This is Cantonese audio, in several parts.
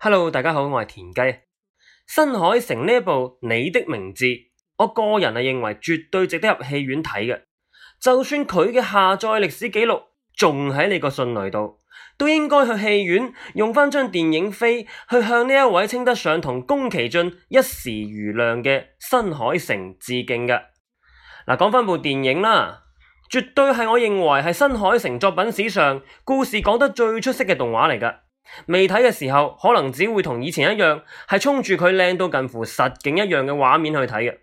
Hello，大家好，我係田雞。新海誠呢部《你的名字》，我個人係認為絕對值得入戲院睇嘅。就算佢嘅下載歷史記錄仲喺你個信袋度，都應該去戲院用翻張電影飛去向呢一位稱得上同宮崎駿一時瑜亮嘅新海誠致敬嘅。嗱，講翻部電影啦，絕對係我認為係新海誠作品史上故事講得最出色嘅動畫嚟噶。未睇嘅時候，可能只會同以前一樣，係衝住佢靚到近乎實景一樣嘅畫面去睇嘅。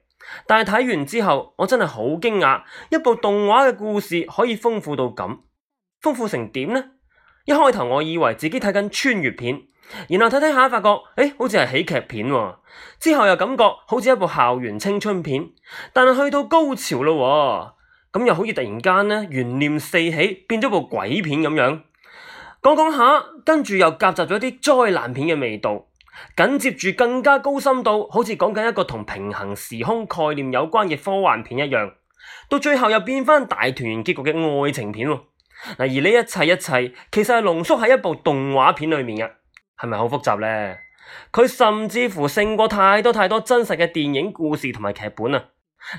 但係睇完之後，我真係好驚訝，一部動畫嘅故事可以豐富到咁，豐富成點呢？一開頭我以為自己睇緊穿越片，然後睇睇下發覺，誒，好似係喜劇片啊，之後又感覺好似一部校園青春片，但係去到高潮咯，咁又好似突然間呢，懸念四起，變咗部鬼片咁樣。講講下，跟住又夾雜咗啲災難片嘅味道，緊接住更加高深到，好似講緊一個同平衡時空概念有關嘅科幻片一樣，到最後又變翻大團圓結局嘅愛情片。嗱，而呢一切一切，其實係濃縮喺一部動畫片裏面嘅，係咪好複雜呢？佢甚至乎勝過太多太多真實嘅電影故事同埋劇本啊！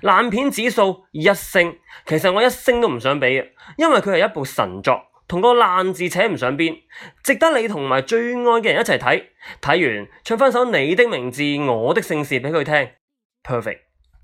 爛片指數一星，其實我一星都唔想畀嘅，因為佢係一部神作。同個爛字扯唔上邊，值得你同埋最愛嘅人一齊睇。睇完唱返首你的名字，我的姓氏畀佢聽，Perfect。